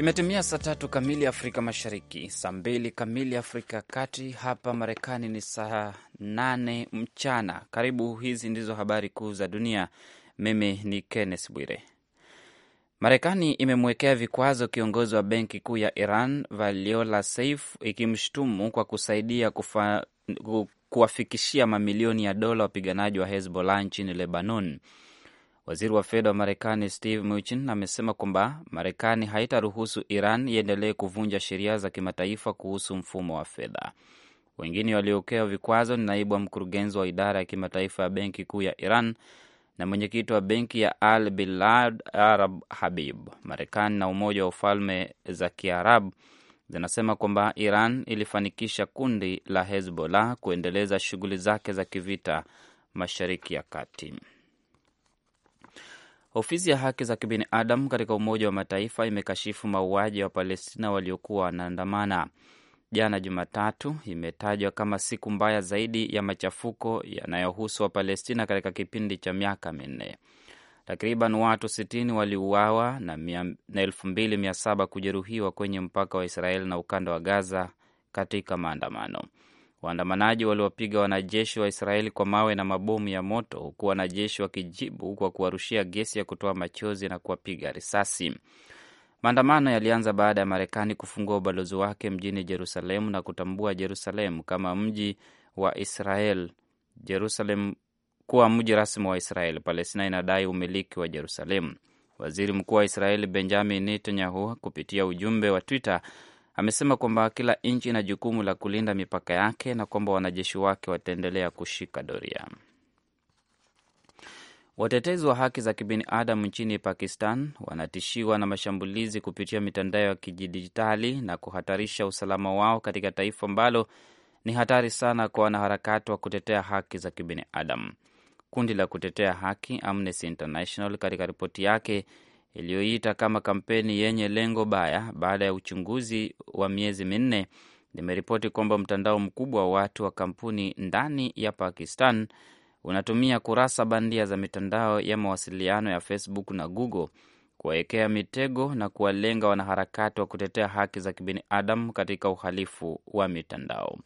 Imetimia saa tatu kamili Afrika Mashariki, saa mbili kamili Afrika ya Kati. Hapa Marekani ni saa nane mchana. Karibu, hizi ndizo habari kuu za dunia. Mimi ni Kenneth Bwire. Marekani imemwekea vikwazo kiongozi wa benki kuu ya Iran Valiola Saif, ikimshutumu kwa kusaidia kufa, kuwafikishia mamilioni ya dola wapiganaji wa Hezbollah nchini Lebanon. Waziri wa fedha wa Marekani Steve Mnuchin amesema kwamba Marekani haitaruhusu Iran iendelee kuvunja sheria za kimataifa kuhusu mfumo wa fedha. Wengine waliowekewa vikwazo ni naibu wa mkurugenzi wa idara ya kimataifa ya benki kuu ya Iran na mwenyekiti wa benki ya Al Bilad Arab Habib. Marekani na Umoja wa Ufalme za Kiarabu zinasema kwamba Iran ilifanikisha kundi la Hezbollah kuendeleza shughuli zake za kivita Mashariki ya Kati. Ofisi ya haki za kibinadamu katika Umoja wa Mataifa imekashifu mauaji ya Wapalestina waliokuwa wanaandamana jana Jumatatu. Imetajwa kama siku mbaya zaidi ya machafuko yanayohusu Wapalestina katika kipindi cha miaka minne. Takriban watu 60 waliuawa na elfu kujeruhiwa kwenye mpaka wa Israeli na ukanda wa Gaza katika maandamano. Waandamanaji waliwapiga wanajeshi wa Israeli kwa mawe na mabomu ya moto, huku wanajeshi wakijibu kwa kuwarushia gesi ya kutoa machozi na kuwapiga risasi. Maandamano yalianza baada ya Marekani kufungua ubalozi wake mjini Jerusalemu na kutambua Jerusalemu kama mji wa Israel, Jerusalem kuwa mji rasmi wa Israel. Palestina inadai umiliki wa Jerusalemu. Waziri Mkuu wa Israeli Benjamin Netanyahu kupitia ujumbe wa Twitter amesema kwamba kila nchi ina jukumu la kulinda mipaka yake na kwamba wanajeshi wake wataendelea kushika doria. Watetezi wa haki za kibinadamu nchini Pakistan wanatishiwa na mashambulizi kupitia mitandao ya kidijitali na kuhatarisha usalama wao katika taifa ambalo ni hatari sana kwa wanaharakati wa kutetea haki za kibinadamu. Kundi la kutetea haki Amnesty International katika ripoti yake iliyoita kama kampeni yenye lengo baya baada ya uchunguzi wa miezi minne, limeripoti kwamba mtandao mkubwa wa watu wa kampuni ndani ya Pakistan unatumia kurasa bandia za mitandao ya mawasiliano ya Facebook na Google kuwawekea mitego na kuwalenga wanaharakati wa kutetea haki za kibinadamu katika uhalifu wa mitandao.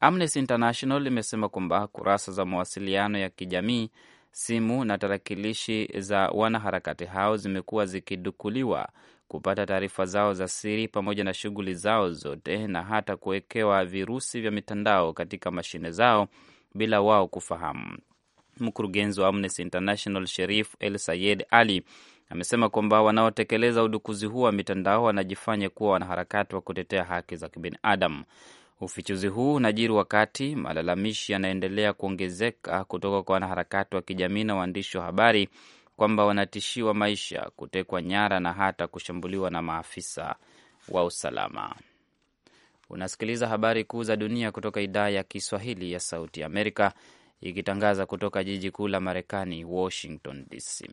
Amnesty International imesema kwamba kurasa za mawasiliano ya kijamii simu na tarakilishi za wanaharakati hao zimekuwa zikidukuliwa kupata taarifa zao za siri pamoja na shughuli zao zote na hata kuwekewa virusi vya mitandao katika mashine zao bila wao kufahamu. Mkurugenzi wa Amnesty International Sherif El Sayed Ali amesema kwamba wanaotekeleza udukuzi huu wa mitandao wanajifanya kuwa wanaharakati wa kutetea haki za kibinadamu. Ufichuzi huu unajiri wakati malalamishi yanaendelea kuongezeka kutoka kwa wanaharakati wa kijamii na waandishi wa habari kwamba wanatishiwa maisha, kutekwa nyara na hata kushambuliwa na maafisa wa usalama. Unasikiliza habari kuu za dunia kutoka idhaa ya Kiswahili ya Sauti ya Amerika, ikitangaza kutoka jiji kuu la Marekani, Washington DC.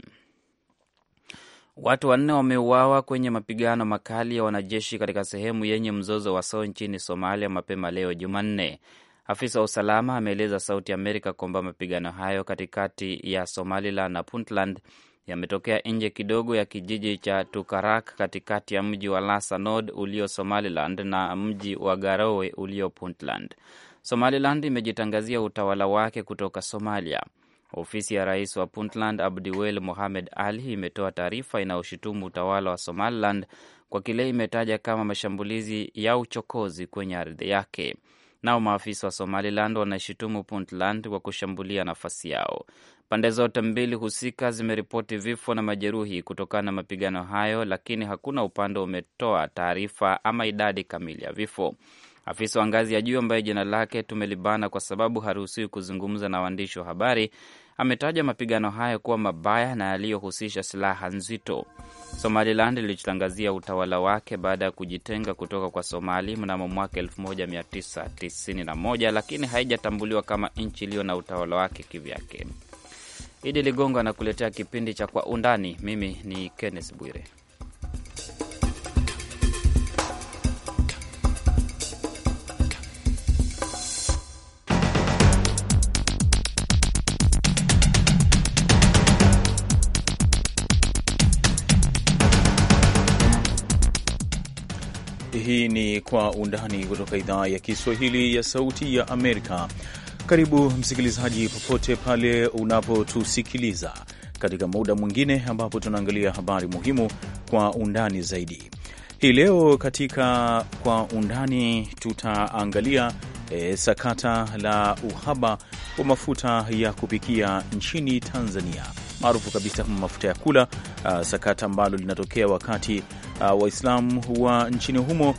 Watu wanne wameuawa kwenye mapigano makali ya wanajeshi katika sehemu yenye mzozo wa Soo nchini Somalia mapema leo Jumanne. Afisa wa usalama ameeleza Sauti Amerika kwamba mapigano hayo katikati ya Somaliland na Puntland yametokea nje kidogo ya kijiji cha Tukarak katikati ya mji wa lasanod ulio Somaliland na mji wa Garowe ulio Puntland. Somaliland imejitangazia utawala wake kutoka Somalia. Ofisi ya rais wa Puntland Abdiwel Mohamed Ali imetoa taarifa inayoshutumu utawala wa Somaliland kwa kile imetaja kama mashambulizi ya uchokozi kwenye ardhi yake. Nao maafisa wa Somaliland wanashutumu Puntland kwa kushambulia nafasi yao. Pande zote mbili husika zimeripoti vifo na majeruhi kutokana na mapigano hayo, lakini hakuna upande umetoa taarifa ama idadi kamili ya vifo. Afisa wa ngazi ya juu ambaye jina lake tumelibana kwa sababu haruhusiwi kuzungumza na waandishi wa habari ametaja mapigano hayo kuwa mabaya na yaliyohusisha silaha nzito. Somaliland ilijitangazia utawala wake baada ya kujitenga kutoka kwa Somali mnamo mwaka 1991 lakini haijatambuliwa kama nchi iliyo na utawala wake kivyake. Idi Ligongo anakuletea kipindi cha Kwa Undani. Mimi ni Kenneth Bwire. ni Kwa Undani kutoka idhaa ya Kiswahili ya Sauti ya Amerika. Karibu msikilizaji, popote pale unapotusikiliza katika muda mwingine ambapo tunaangalia habari muhimu kwa undani zaidi. Hii leo katika Kwa Undani tutaangalia e, sakata la uhaba wa mafuta ya kupikia nchini Tanzania maarufu kabisa kama mafuta ya kula, uh, sakata ambalo linatokea wakati uh, Waislamu wa nchini humo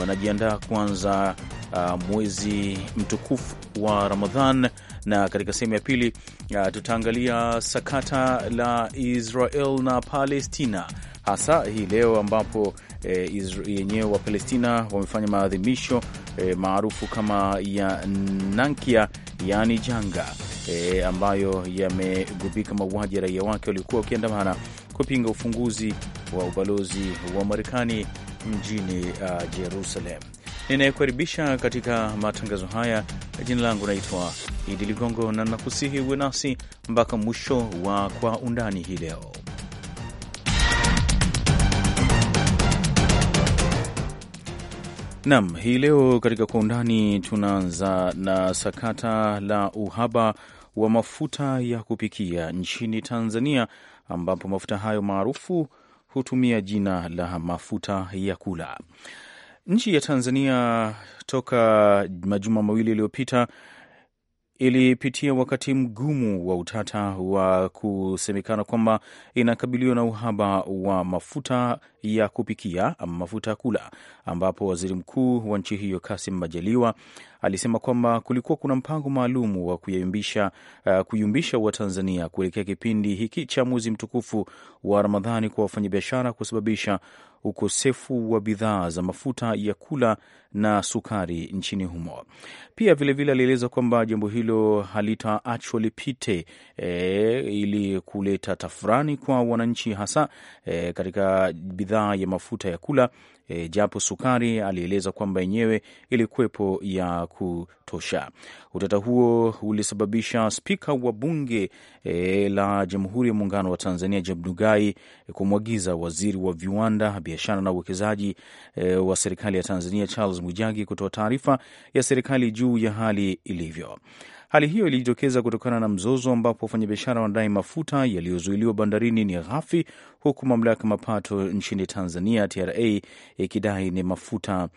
wanajiandaa kuanza uh, mwezi mtukufu wa Ramadhan, na katika sehemu ya pili uh, tutaangalia sakata la Israel na Palestina hasa hii leo ambapo eh, yenyewe eh, wa Palestina wamefanya maadhimisho eh, maarufu kama ya Nankia, yaani janga eh, ambayo yamegubika mauaji ya raia wake waliokuwa wakiandamana kupinga ufunguzi wa ubalozi wa Marekani mjini uh, Jerusalem. Ninayekukaribisha katika matangazo haya, jina langu naitwa Idi Ligongo na nakusihi uwe nasi mpaka mwisho wa Kwa Undani hii leo. nam hii leo katika Kwa Undani tunaanza na sakata la uhaba wa mafuta ya kupikia nchini Tanzania, ambapo mafuta hayo maarufu hutumia jina la mafuta ya kula. Nchi ya Tanzania toka majuma mawili yaliyopita ilipitia wakati mgumu wa utata wa kusemekana kwamba inakabiliwa na uhaba wa mafuta ya kupikia ama mafuta ya kula, ambapo waziri mkuu wa nchi hiyo Kasim Majaliwa alisema kwamba kulikuwa kuna mpango maalum wa kuyumbisha, uh, kuyumbisha Watanzania kuelekea kipindi hiki cha mwezi mtukufu wa Ramadhani kwa wafanyabiashara kusababisha ukosefu wa bidhaa za mafuta ya kula na sukari nchini humo. Pia vilevile alieleza kwamba jambo hilo halitaachwa lipite, e, ili kuleta tafurani kwa wananchi hasa e, katika bidhaa bidhaa ya mafuta ya kula e, japo sukari alieleza kwamba yenyewe ilikuwepo ya kutosha. Utata huo ulisababisha spika wa bunge e, la Jamhuri ya Muungano wa Tanzania Job Ndugai kumwagiza waziri wa viwanda, biashara na uwekezaji e, wa serikali ya Tanzania Charles Mwijagi kutoa taarifa ya serikali juu ya hali ilivyo. Hali hiyo ilijitokeza kutokana na mzozo ambapo wafanyabiashara wanadai mafuta yaliyozuiliwa bandarini ni ghafi, huku mamlaka mapato nchini Tanzania TRA ikidai ni mafuta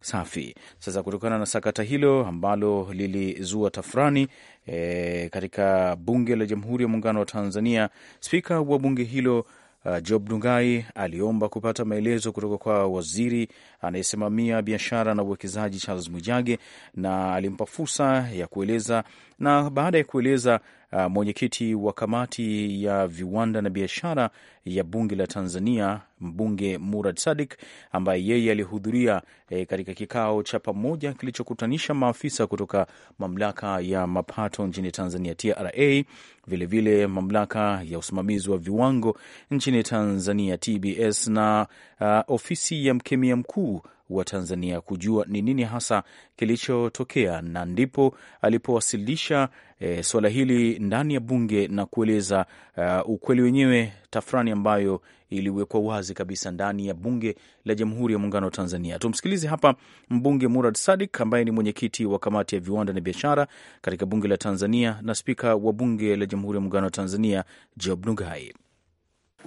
safi. Sasa kutokana na sakata hilo ambalo lilizua tafrani e, eh, katika bunge la Jamhuri ya Muungano wa Tanzania, spika wa bunge hilo Uh, Job Ndugai aliomba kupata maelezo kutoka kwa waziri anayesimamia biashara na uwekezaji Charles Mwijage, na alimpa fursa ya kueleza, na baada ya kueleza Uh, mwenyekiti wa kamati ya viwanda na biashara ya bunge la Tanzania, mbunge Murad Sadik, ambaye yeye alihudhuria e, katika kikao cha pamoja kilichokutanisha maafisa kutoka mamlaka ya mapato nchini Tanzania TRA, vilevile vile mamlaka ya usimamizi wa viwango nchini Tanzania TBS na uh, ofisi ya mkemia mkuu wa Tanzania kujua ni nini hasa kilichotokea, na ndipo alipowasilisha e, eh, suala hili ndani ya bunge na kueleza uh, ukweli wenyewe, tafrani ambayo iliwekwa wazi kabisa ndani ya bunge la Jamhuri ya Muungano wa Tanzania. Tumsikilize hapa mbunge Murad Sadik ambaye ni mwenyekiti wa kamati ya viwanda na biashara katika bunge la Tanzania na spika wa bunge la Jamhuri ya Muungano wa Tanzania Job Ndugai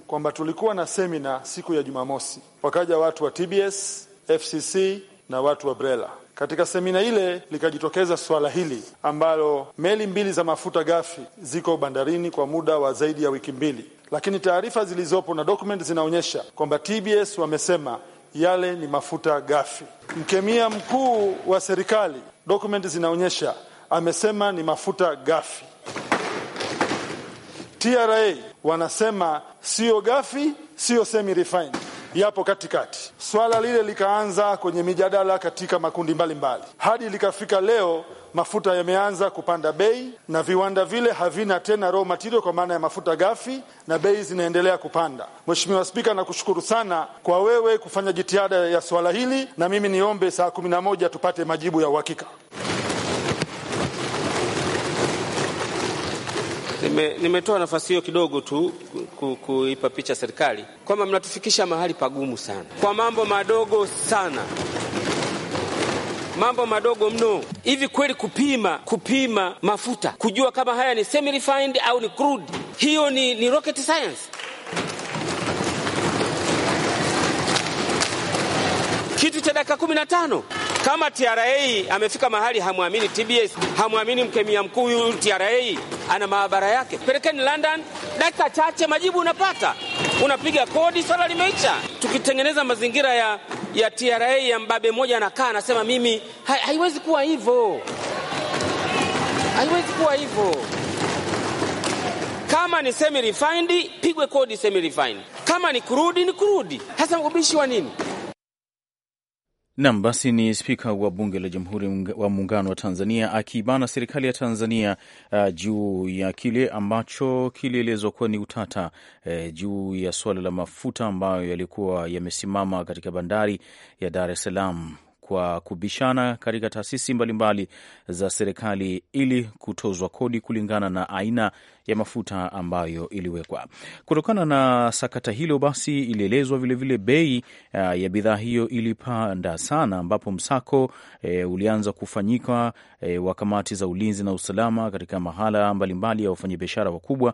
kwamba tulikuwa na semina siku ya Jumamosi, wakaja watu wa TBS FCC na watu wa Brela. Katika semina ile likajitokeza swala hili ambalo meli mbili za mafuta ghafi ziko bandarini kwa muda wa zaidi ya wiki mbili, lakini taarifa zilizopo na dokumenti zinaonyesha kwamba TBS wamesema yale ni mafuta ghafi. Mkemia mkuu wa serikali, dokumenti zinaonyesha amesema ni mafuta ghafi. TRA wanasema siyo ghafi, siyo semi refined yapo katikati. Swala lile likaanza kwenye mijadala katika makundi mbalimbali mbali, hadi likafika leo mafuta yameanza kupanda bei na viwanda vile havina tena raw material kwa maana ya mafuta ghafi na bei zinaendelea kupanda. Mheshimiwa Spika, nakushukuru sana kwa wewe kufanya jitihada ya swala hili, na mimi niombe saa kumi na moja tupate majibu ya uhakika. Nime, nimetoa nafasi hiyo kidogo tu ku, kuipa picha serikali kwamba mnatufikisha mahali pagumu sana kwa mambo madogo sana mambo madogo mno. Hivi kweli kupima kupima mafuta kujua kama haya ni semi refined au ni crude, hiyo ni, ni rocket science. Kitu cha dakika kumi na tano. Kama TRA amefika mahali hamwamini TBS, hamwamini mkemia mkuu huyu TRA ana maabara yake, pelekeni London. Dakika chache majibu unapata, unapiga kodi, swala limeisha. Tukitengeneza mazingira ya, ya TRA ya mbabe mmoja anakaa anasema mimi, haiwezi kuwa hivyo, haiwezi kuwa hivyo. Kama ni semi refined, pigwe kodi semi refined. Kama ni kurudi, ni kurudi. Hasa ubishi wa nini? Nam basi, ni spika wa bunge la Jamhuri wa Muungano wa Tanzania akiibana serikali ya Tanzania uh, juu ya kile ambacho kilielezwa kuwa ni utata uh, juu ya suala la mafuta ambayo yalikuwa yamesimama katika bandari ya Dar es Salaam kwa kubishana katika taasisi mbalimbali za serikali ili kutozwa kodi kulingana na aina ya mafuta ambayo iliwekwa. Kutokana na sakata hilo, basi ilielezwa vilevile bei uh, ya bidhaa hiyo ilipanda sana, ambapo msako e, ulianza kufanyika e, wa kamati za ulinzi na usalama katika mahala mbalimbali ya wafanyabiashara wakubwa,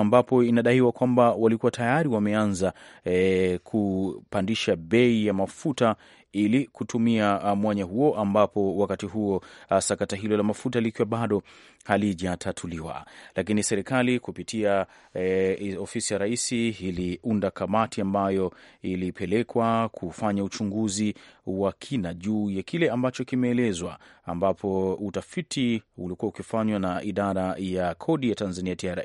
ambapo inadaiwa kwamba walikuwa tayari wameanza e, kupandisha bei ya mafuta ili kutumia uh, mwanya huo, ambapo wakati huo uh, sakata hilo la mafuta likiwa bado halijatatuliwa. Lakini serikali kupitia e, ofisi ya rais iliunda kamati ambayo ilipelekwa kufanya uchunguzi wa kina juu ya kile ambacho kimeelezwa, ambapo utafiti ulikuwa ukifanywa na idara ya kodi ya Tanzania TRA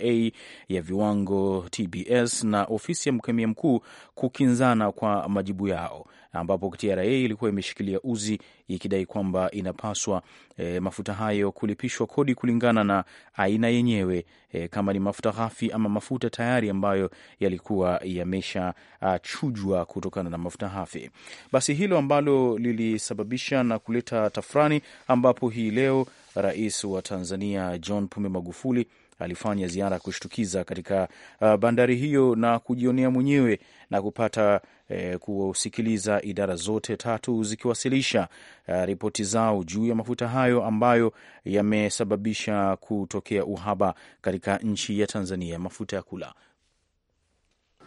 ya viwango TBS na ofisi ya mkemia mkuu kukinzana kwa majibu yao ambapo TRA ilikuwa imeshikilia uzi ikidai kwamba inapaswa e, mafuta hayo kulipishwa kodi kulingana na aina yenyewe e, kama ni mafuta ghafi ama mafuta tayari ambayo yalikuwa yamesha ah, chujwa kutokana na mafuta ghafi. Basi hilo ambalo lilisababisha na kuleta tafrani, ambapo hii leo Rais wa Tanzania John Pombe Magufuli alifanya ziara ya kushtukiza katika ah, bandari hiyo na kujionea mwenyewe na kupata eh, kusikiliza idara zote tatu zikiwasilisha eh, ripoti zao juu ya mafuta hayo ambayo yamesababisha kutokea uhaba katika nchi ya Tanzania mafuta ya kula.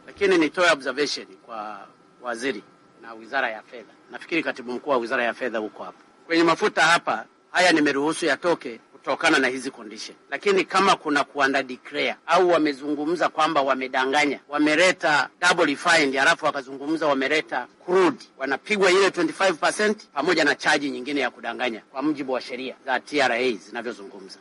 Lakini nitoe observation kwa waziri na wizara ya fedha, nafikiri katibu mkuu wa wizara ya fedha huko hapa kwenye mafuta hapa haya, nimeruhusu yatoke kutokana na hizi condition. Lakini kama kuna kuanda declare au wamezungumza kwamba wamedanganya, wameleta double refined, alafu wakazungumza wameleta crude, wanapigwa ile 25% pamoja na chaji nyingine ya kudanganya kwa mujibu wa sheria za TRA zinavyozungumza.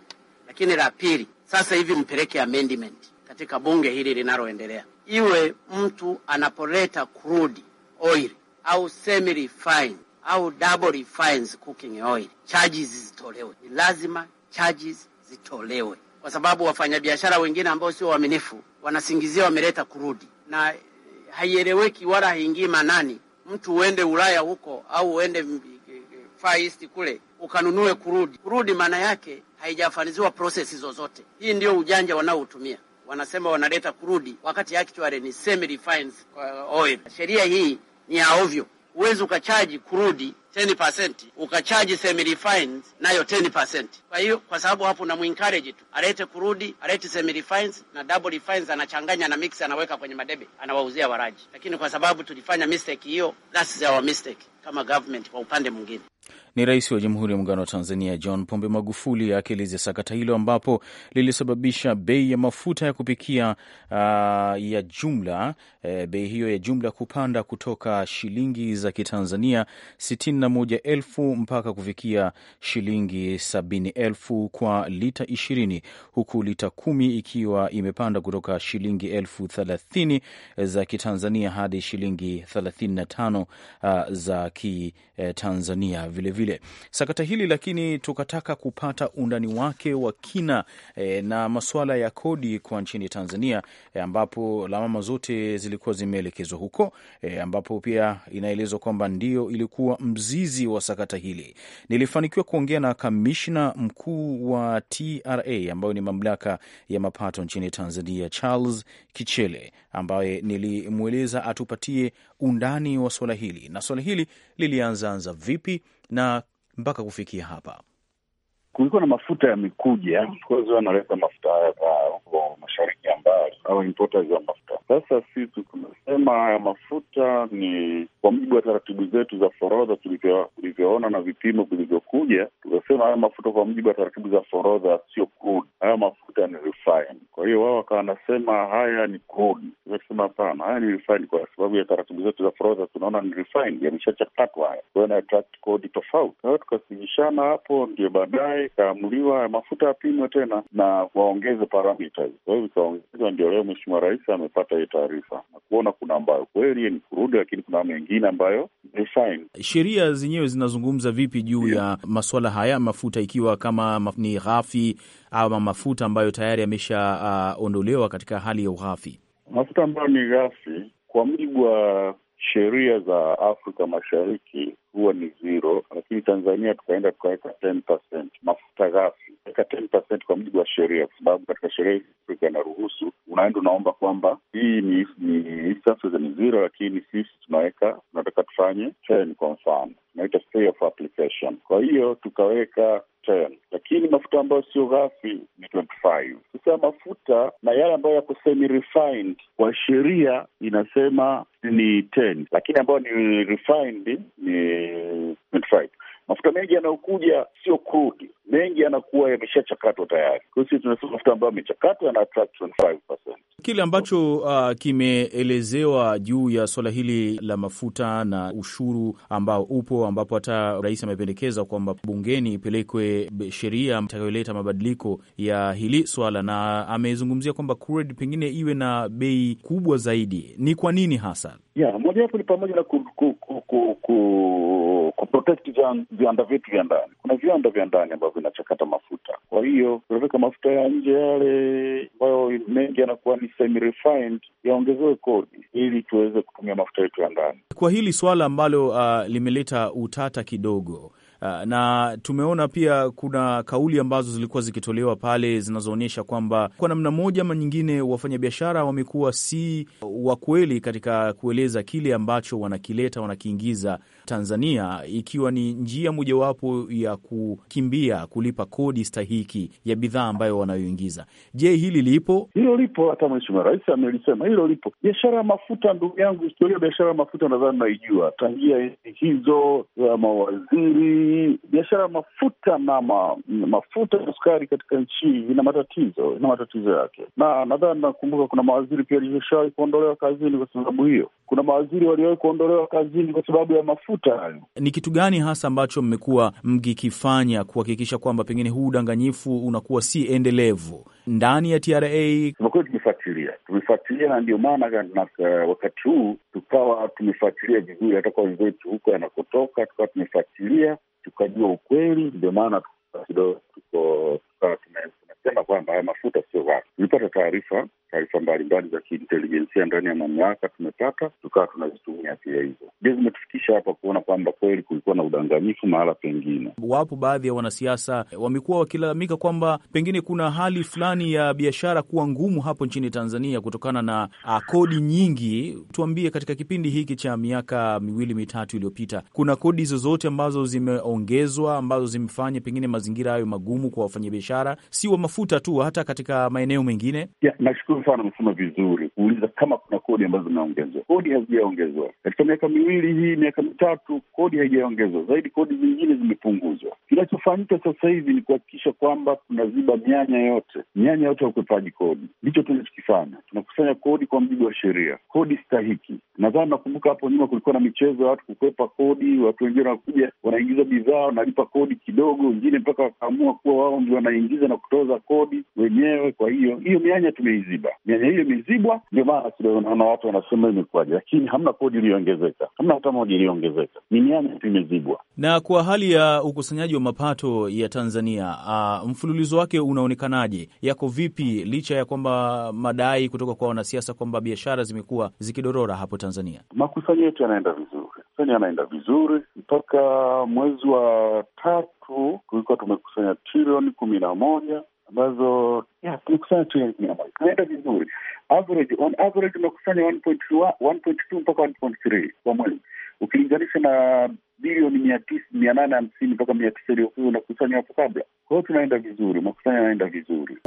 Lakini la pili, sasa hivi mpeleke amendment katika bunge hili linaloendelea, iwe mtu anapoleta crude oil au semi refined au double refined cooking oil, charges zitolewe. Ni lazima charges zitolewe, kwa sababu wafanyabiashara wengine ambao sio waaminifu wanasingizia wameleta kurudi, na eh, haieleweki wala haingii manani. Mtu uende Ulaya huko au uende eh, Far East kule ukanunue kurudi. Kurudi maana yake haijafaniziwa prosesi zozote. Hii ndio ujanja wanaohutumia wanasema wanaleta kurudi wakati actually ni semi refined eh, oil. Sheria hii ni ya ovyo huwezi ukachaji kurudi 10% ukachaji semi refines nayo 10%. Kwa hiyo kwa sababu hapo na muencourage tu alete kurudi, alete semi refines na double refines, anachanganya na mix, anaweka kwenye madebe, anawauzia waraji. Lakini kwa sababu tulifanya mistake hiyo, that's our mistake kama government. Kwa upande mwingine ni Rais wa Jamhuri ya Muungano wa Tanzania John Pombe Magufuli akielezea sakata hilo ambapo lilisababisha bei ya mafuta ya kupikia uh, ya jumla e, bei hiyo ya jumla kupanda kutoka shilingi za Kitanzania 61,000 mpaka kufikia shilingi 70,000 kwa lita 20 huku lita kumi ikiwa imepanda kutoka shilingi elfu eh, za Kitanzania hadi shilingi 35 uh, ah, za Kitanzania vilevile vile sakata hili, lakini tukataka kupata undani wake wa kina e, na masuala ya kodi kwa nchini Tanzania e, ambapo lawama zote zilikuwa zimeelekezwa huko e, ambapo pia inaelezwa kwamba ndio ilikuwa mzizi wa sakata hili. Nilifanikiwa kuongea na kamishna mkuu wa TRA ambayo ni mamlaka ya mapato nchini Tanzania, Charles Kichele, ambaye nilimweleza atupatie undani wa swala hili na swala hili lilianzaanza vipi na mpaka kufikia hapa kulikuwa na mafuta yamekuja, wanaleta mafuta haya kwa mashariki mbalimbali au importers ya mafuta. Sasa sisi tunasema haya mafuta ni kwa mujibu wa taratibu zetu za forodha tulivyoona na vipimo vilivyokuja, tukasema haya mafuta kwa mujibu wa taratibu za forodha sio crude, haya mafuta ni refined. Kwa hiyo wao wakawa wanasema haya ni crude, tukasema hapana, haya ni refined kwa sababu ya taratibu zetu za forodha tunaona ni refined, yameshachakatwa haya, kwa hiyo attract code tofauti. Kwa hiyo tukasigishana hapo, ndio baadaye ikaamuliwa mafuta yapimwe tena na waongeze parameters, kwa hiyo kusikiza ndio leo Mheshimiwa Rais amepata hiyo taarifa na kuona kuna ambayo kweli ni kurudi, lakini kuna mengine ambayo sheria zenyewe zinazungumza vipi juu yeah, ya masuala haya mafuta, ikiwa kama ni ghafi ama mafuta ambayo tayari yameshaondolewa uh, katika hali ya ughafi, mafuta ambayo ni ghafi kwa mujibu wa sheria za Afrika Mashariki huwa ni zero, lakini Tanzania tukaenda tukaweka mafuta ghafi, weka kwa mujibu wa sheria, kwa sababu katika sheria hizi Afrika inaruhusu unaenda unaomba kwamba hii ni ni ni, ni zero, lakini sisi tunaweka tunataka tufanye ten, kwa mfano tunaita stay of application. Kwa hiyo tukaweka ten lakini mafuta ambayo sio ghafi ni 25. Sasa mafuta na yale ambayo yako semi refined kwa sheria inasema ni 10, lakini ambayo ni refined ni 25 mafuta mengi yanayokuja sio crude, mengi yanakuwa yameshachakatwa tayari. Kwa hiyo sisi tunasema mafuta ambayo yamechakatwa yana Kile ambacho uh, kimeelezewa juu ya swala hili la mafuta na ushuru ambao upo, ambapo hata rais amependekeza kwamba bungeni ipelekwe sheria itakayoleta mabadiliko ya hili swala, na amezungumzia kwamba crude pengine iwe na bei kubwa zaidi. Ni kwa nini hasa? Yeah, mojawapo ni pamoja na ku, ku, ku protect viwanda vyetu vya ndani. Kuna viwanda vya ndani ambavyo vinachakata mafuta, kwa hiyo tunaweka mafuta ya nje yale ambayo mengi yanakuwa ni semi refined, yaongezewe kodi ili tuweze kutumia mafuta yetu ya ndani. Kwa hili swala ambalo uh, limeleta utata kidogo Uh, na tumeona pia kuna kauli ambazo zilikuwa zikitolewa pale zinazoonyesha kwamba kwa namna moja ama nyingine wafanyabiashara wamekuwa si wa kweli katika kueleza kile ambacho wanakileta, wanakiingiza Tanzania, ikiwa ni njia mojawapo ya kukimbia kulipa kodi stahiki ya bidhaa ambayo wanayoingiza. Je, hili lipo? Hilo lipo, hata Mheshimiwa Rais amelisema hilo lipo. Biashara ya mafuta, ndugu yangu, historia ya biashara ya mafuta nadhani naijua tangia hizo ya mawaziri. Biashara ya mafuta na ma, mafuta na sukari katika nchi ina matatizo, ina matatizo yake, na nadhani nakumbuka kuna mawaziri pia alishawahi kuondolewa kazini kwa sababu hiyo kuna mawaziri waliowahi kuondolewa kazini kwa sababu ya mafuta hayo. Ni kitu gani hasa ambacho mmekuwa mkikifanya kuhakikisha kwamba pengine huu udanganyifu unakuwa si endelevu ndani ya TRA? Tumekuwa kweli tumefuatilia, na ndio maana wakati huu tukawa tumefuatilia vizuri, hata kwa wenzetu huko yanakotoka, tukawa tumefuatilia tukajua ukweli, ndio maana kidogo tuko tukawa tume kusema kwamba haya mafuta sio wake. Tulipata taarifa taarifa mbalimbali za kiintelijensia ndani ya mamlaka, tumepata tukawa tunazitumia pia hizo, ndio zimetufikisha hapa kuona kwamba kweli kulikuwa na udanganyifu mahala pengine. Wapo baadhi ya wanasiasa wamekuwa wakilalamika kwamba pengine kuna hali fulani ya biashara kuwa ngumu hapo nchini Tanzania kutokana na ah, kodi nyingi. Tuambie, katika kipindi hiki cha miaka miwili mitatu iliyopita, kuna kodi zozote ambazo zimeongezwa ambazo zimefanya pengine mazingira hayo magumu kwa wafanyabiashara si wa kutafuta tu hata katika maeneo mengine? Yeah, nashukuru sana, amesema vizuri kuuliza kama kuna kodi ambazo zinaongezwa. Kodi hazijaongezwa katika miaka miwili hii, miaka mitatu, kodi haijaongezwa zaidi, kodi zingine zimepunguzwa. Kinachofanyika sasa hivi ni kuhakikisha kwamba tunaziba mianya yote, mianya yote ya ukwepaji kodi. Ndicho tunachokifanya, tunakusanya kodi kwa mjibu wa sheria, kodi stahiki. Nadhani nakumbuka hapo nyuma kulikuwa na michezo ya watu kukwepa kodi, watu wengine wanakuja wanaingiza bidhaa wanalipa kodi kidogo, wengine mpaka wakaamua kuwa wao ndio wanaingiza na kutoza kulipa kodi wenyewe. Kwa hiyo hiyo mianya tumeiziba, mianya hiyo imezibwa. Ndio maana tunaona watu wanasema imekuwaje, lakini hamna kodi iliyoongezeka, hamna hata moja iliyoongezeka, ni mianya tu imezibwa. Na kwa hali ya ukusanyaji wa mapato ya Tanzania, uh, mfululizo wake unaonekanaje? Yako vipi, licha ya kwamba madai kutoka kwa wanasiasa kwamba biashara zimekuwa zikidorora hapo Tanzania? Makusanyo yetu yanaenda vizuri, makusanyo yanaenda vizuri mpaka mwezi wa tatu tulikuwa tumekusanya trilioni kumi na moja ambazo tumekusanya trilioni kumi na moja tunaenda vizuri. Average, on average unakusanya 1.2 mpaka 1.3 kwa mwezi ukilinganisha na bilioni mia tisa mia nane hamsini mpaka mia tisa iliyokuwa unakusanya hapo kabla. Kwa hiyo tunaenda vizuri, makusanya yanaenda vizuri,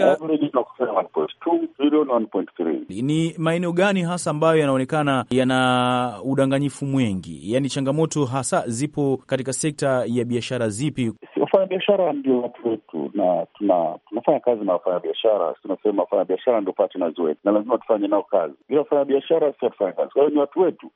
tunakusanya one point two one point three. Ni maeneo gani hasa ambayo yanaonekana yana udanganyifu mwingi? Yaani changamoto hasa zipo katika sekta ya biashara zipi? wafanyabiashara ndio watu wetu, na tuna tunafanya kazi na wafanyabiashara. Tunasema wafanyabiashara ndio partners wetu, na lazima tufanye nao kazi. Bila wafanyabiashara biashara si hatufanya kazi. Kwa hiyo ni watu wetu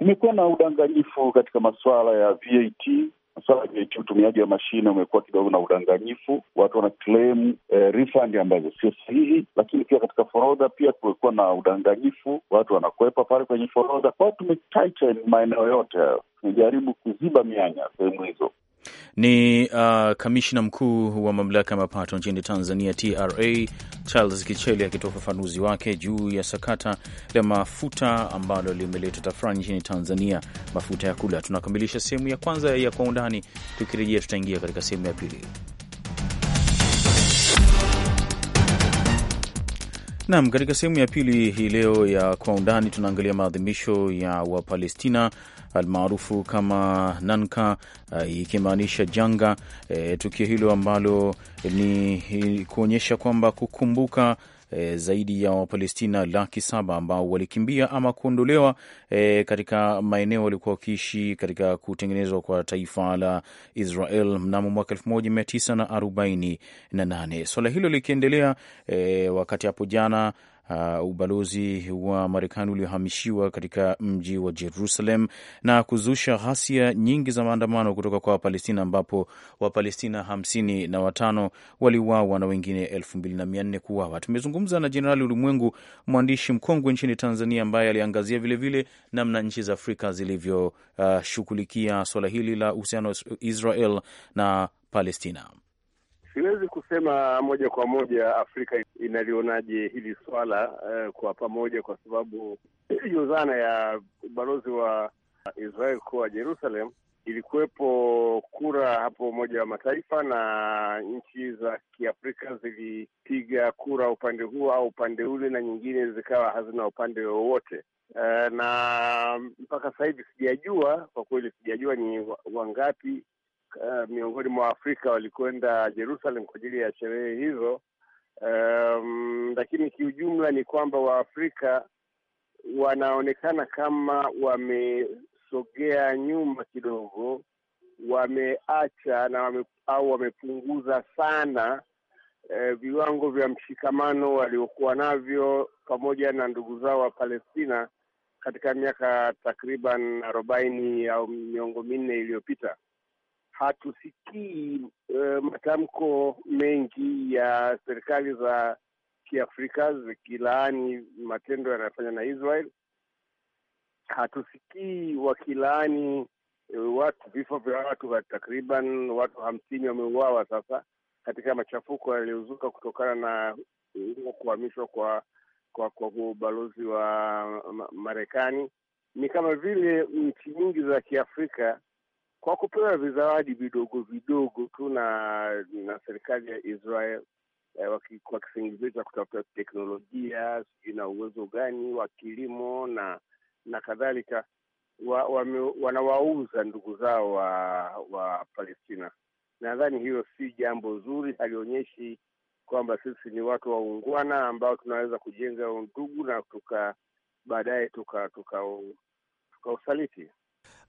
Kumekuwa na udanganyifu katika masuala ya VAT masuala ya VAT, utumiaji wa mashine umekuwa kidogo na udanganyifu, watu wana claim eh, refund ambazo sio sahihi, lakini pia katika forodha pia kumekuwa na udanganyifu, watu wanakwepa pale kwenye forodha kwao. tume maeneo yote hayo, tumejaribu kuziba mianya sehemu hizo. Ni uh, kamishna mkuu wa mamlaka ya mapato nchini Tanzania TRA Charles Kichele akitoa ufafanuzi wake juu ya sakata la mafuta ambalo limeleta tafrani nchini Tanzania, mafuta ya kula. Tunakamilisha sehemu ya kwanza ya Kwa Undani. Tukirejea tutaingia katika sehemu ya pili. nam katika sehemu ya pili hii leo ya Kwa Undani tunaangalia maadhimisho ya Wapalestina almaarufu kama Nanka, uh, ikimaanisha janga. E, tukio hilo ambalo ni kuonyesha kwamba kukumbuka E, zaidi ya Wapalestina laki saba ambao walikimbia ama kuondolewa e, katika maeneo waliokuwa wakiishi katika kutengenezwa kwa taifa la Israel mnamo mwaka elfu moja mia tisa na arobaini na nane. Swala hilo likiendelea e, wakati hapo jana uh, ubalozi wa Marekani uliohamishiwa katika mji wa Jerusalem na kuzusha ghasia nyingi za maandamano kutoka kwa Wapalestina, ambapo Wapalestina hamsini na watano waliuawa na wengine elfu mbili na mia nne kuuawa. Tumezungumza na Jenerali Ulimwengu, mwandishi mkongwe nchini Tanzania, ambaye aliangazia vilevile namna nchi za Afrika zilivyoshughulikia uh, suala hili la uhusiano wa Israel na Palestina. Siwezi kusema moja kwa moja Afrika inalionaje hili swala uh, kwa pamoja, kwa sababu hiyo dhana ya ubalozi wa Israel kuwa Jerusalem ilikuwepo kura hapo Umoja wa Mataifa na nchi za Kiafrika zilipiga kura upande huo au upande ule, na nyingine zikawa hazina upande wowote. Uh, na mpaka sasa hivi sijajua kwa kweli, sijajua ni wangapi uh, miongoni mwa Afrika walikwenda Jerusalem kwa ajili ya sherehe hizo. Um, lakini kiujumla ni kwamba Waafrika wanaonekana kama wamesogea nyuma kidogo, wameacha na wame, au wamepunguza sana eh, viwango vya mshikamano waliokuwa navyo pamoja na ndugu zao wa Palestina katika miaka takriban arobaini au miongo minne iliyopita hatusikii uh, matamko mengi ya serikali za Kiafrika zikilaani matendo yanayofanywa na Israel. Hatusikii wakilaani uh, watu vifo vya watu wa takriban watu hamsini wameuawa sasa katika machafuko yaliyozuka kutokana na huo eh, kuhamishwa kwa kwa kwa ubalozi wa Marekani. Ni kama vile nchi nyingi za Kiafrika kwa kupewa vizawadi vidogo vidogo tu na na serikali ya Israel eh, kwa kisingizio cha kutafuta teknolojia sijui na uwezo gani wa kilimo na na kadhalika, wa, wa, wanawauza ndugu zao wa wa Palestina. Nadhani hiyo si jambo zuri, halionyeshi kwamba sisi ni watu wa ungwana ambao tunaweza kujenga undugu na tuka baadaye tukausaliti tuka, tuka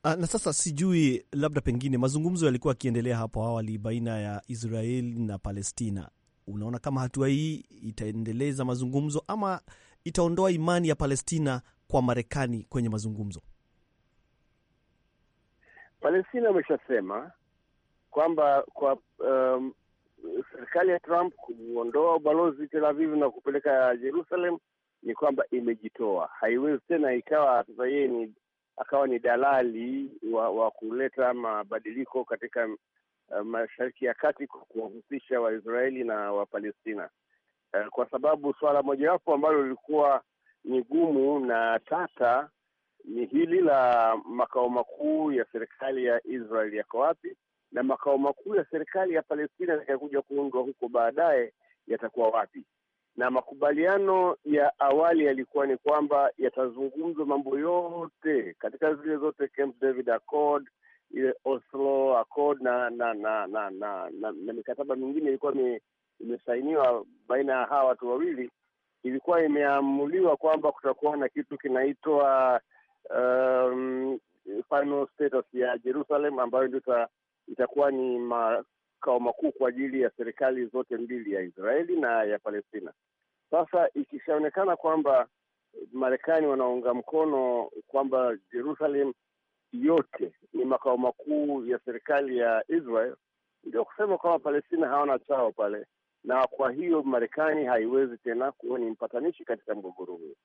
Ah, na sasa sijui, labda pengine mazungumzo yalikuwa yakiendelea hapo awali baina ya Israeli na Palestina. Unaona kama hatua hii itaendeleza mazungumzo ama itaondoa imani ya Palestina kwa Marekani kwenye mazungumzo? Palestina ameshasema kwamba kwa, um, serikali ya Trump kuondoa ubalozi Tel Aviv na kupeleka Jerusalem ni kwamba imejitoa, haiwezi tena ikawa sasa yeye ni akawa ni dalali wa, wa kuleta mabadiliko katika uh, Mashariki ya Kati kwa kuwahusisha Waisraeli na Wapalestina uh, kwa sababu suala mojawapo ambalo lilikuwa ni gumu na tata ni hili la makao makuu ya serikali ya Israel yako wapi, na makao makuu ya serikali ya Palestina yatakuja kuundwa huko baadaye yatakuwa wapi na makubaliano ya awali yalikuwa ni kwamba yatazungumzwa mambo yote katika zile zote Camp David Accord, ile Oslo Accord na na na na na, na, na mikataba mingine ilikuwa imesainiwa baina ya hawa watu wawili. Ilikuwa imeamuliwa kwamba kutakuwa na kitu kinaitwa um, final status ya Jerusalem ambayo ndio itakuwa ni ma, makao makuu kwa ajili ya serikali zote mbili ya Israeli na ya Palestina. Sasa ikishaonekana kwamba Marekani wanaunga mkono kwamba Jerusalem yote ni makao makuu ya serikali ya Israel, ndio kusema kwamba Palestina hawana chao pale, na kwa hiyo Marekani haiwezi tena kuwa ni mpatanishi katika mgogoro huo.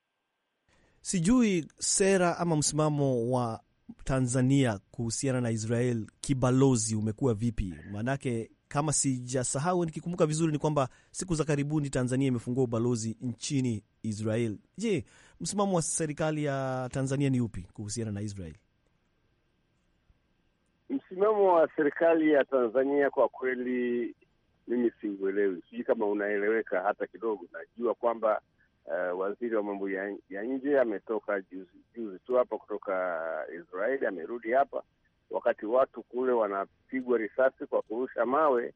Sijui sera ama msimamo wa Tanzania kuhusiana na Israel kibalozi umekuwa vipi? Maanake kama sijasahau, nikikumbuka vizuri, ni kwamba siku za karibuni Tanzania imefungua ubalozi nchini Israel. Je, msimamo wa serikali ya Tanzania ni upi kuhusiana na Israel? Msimamo wa serikali ya Tanzania kwa kweli mimi siuelewi, sijui kama unaeleweka hata kidogo. Najua kwamba uh, waziri wa mambo ya, ya nje ametoka juzi juzi tu hapa kutoka Israeli, amerudi hapa wakati watu kule wanapigwa risasi kwa kurusha mawe.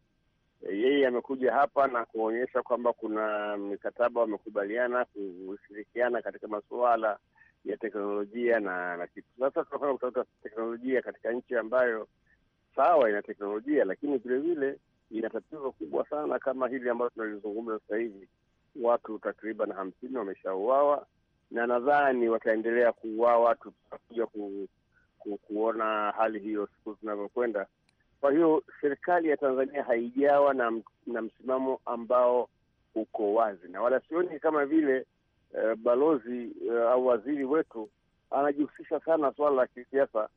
Eh, yeye amekuja hapa na kuonyesha kwamba kuna mikataba wamekubaliana kushirikiana katika masuala ya teknolojia na na kitu. Sasa tunafana kutafuta teknolojia katika nchi ambayo sawa ina teknolojia, lakini vilevile ina tatizo kubwa sana kama hili ambalo tunalizungumza sasa hivi watu takriban hamsini wameshauawa na nadhani wataendelea kuuawa. Tutakuja ku, ku, kuona hali hiyo siku zinavyokwenda. Kwa hiyo serikali ya Tanzania haijawa na, na msimamo ambao uko wazi, na wala sioni kama vile eh, balozi eh, au waziri wetu anajihusisha sana suala la kisiasa.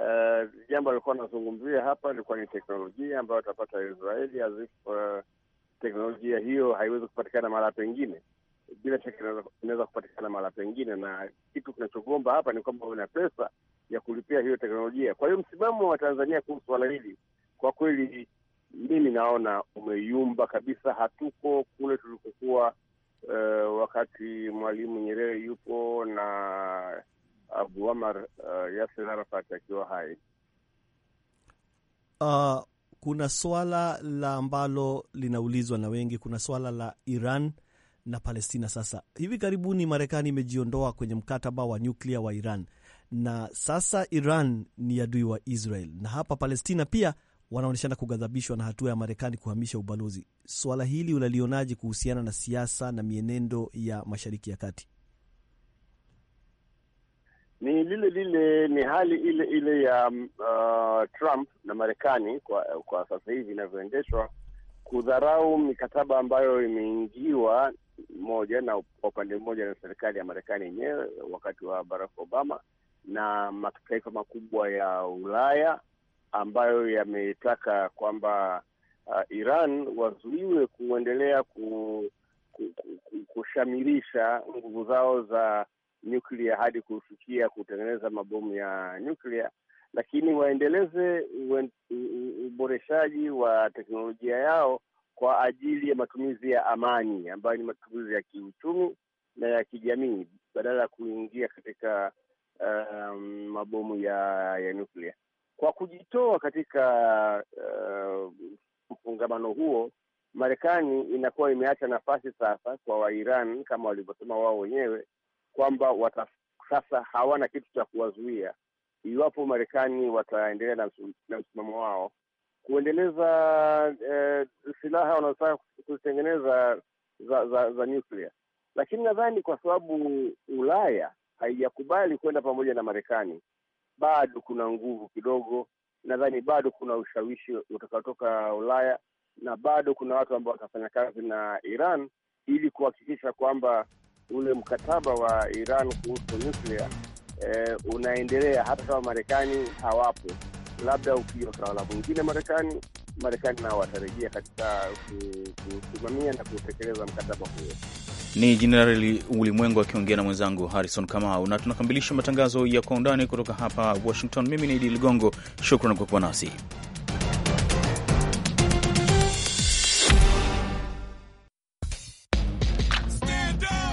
Eh, jambo alikuwa anazungumzia hapa ilikuwa ni teknolojia ambayo atapata Israeli eh, teknolojia hiyo haiwezi kupatikana mahala pengine, bila shaka inaweza kupatikana mahala pengine, na kitu kinachogomba hapa ni kwamba una pesa ya kulipia hiyo teknolojia. Kwa hiyo msimamo wa Tanzania kuhusu swala hili kwa kweli, mimi naona umeyumba kabisa. Hatuko kule tulikokuwa uh, wakati Mwalimu Nyerere yupo na Abu Amar uh, eh, Yasir Arafat akiwa hai. Uh, kuna swala la ambalo linaulizwa na wengi, kuna swala la Iran na Palestina. Sasa hivi karibuni Marekani imejiondoa kwenye mkataba wa nyuklia wa Iran, na sasa Iran ni adui wa Israel, na hapa Palestina pia wanaonyeshana kughadhabishwa na hatua ya Marekani kuhamisha ubalozi. Swala hili unalionaje kuhusiana na siasa na mienendo ya Mashariki ya Kati? ni lile lile, ni hali ile ile ya uh, Trump na Marekani kwa, kwa sasa hivi inavyoendeshwa, kudharau mikataba ambayo imeingiwa moja na kwa upande mmoja na serikali ya Marekani yenyewe wakati wa Barack Obama na mataifa makubwa ya Ulaya ambayo yametaka kwamba uh, Iran wazuiwe kuendelea ku, ku, ku, ku, kushamirisha nguvu zao za nyuklia hadi kufikia kutengeneza mabomu ya nyuklia, lakini waendeleze uboreshaji wa teknolojia yao kwa ajili ya matumizi ya amani ambayo ni matumizi ya kiuchumi na ya kijamii badala ya kuingia katika um, mabomu ya ya nyuklia. Kwa kujitoa katika uh, mfungamano huo, Marekani inakuwa imeacha nafasi sasa kwa Wairan kama walivyosema wao wenyewe kwamba sasa hawana kitu cha kuwazuia iwapo Marekani wataendelea na, na msimamo wao kuendeleza eh, silaha wanaotaka kuzitengeneza za, za, za nuclear. Lakini nadhani kwa sababu Ulaya haijakubali kwenda pamoja na Marekani, bado kuna nguvu kidogo, nadhani bado kuna ushawishi utakaotoka Ulaya na bado kuna watu ambao watafanya kazi na Iran ili kuhakikisha kwamba ule mkataba wa Iran kuhusu nuklia eh, unaendelea hata kama Marekani hawapo. Labda ukiwa utawala mwingine Marekani, Marekani nao watarejea katika kusimamia na kutekeleza mkataba huo. Ni Jenerali Ulimwengu akiongea na mwenzangu Harrison Kamau, na tunakamilisha matangazo ya Kwa Undani kutoka hapa Washington. Mimi ni Idi Ligongo, shukran kwa kuwa nasi.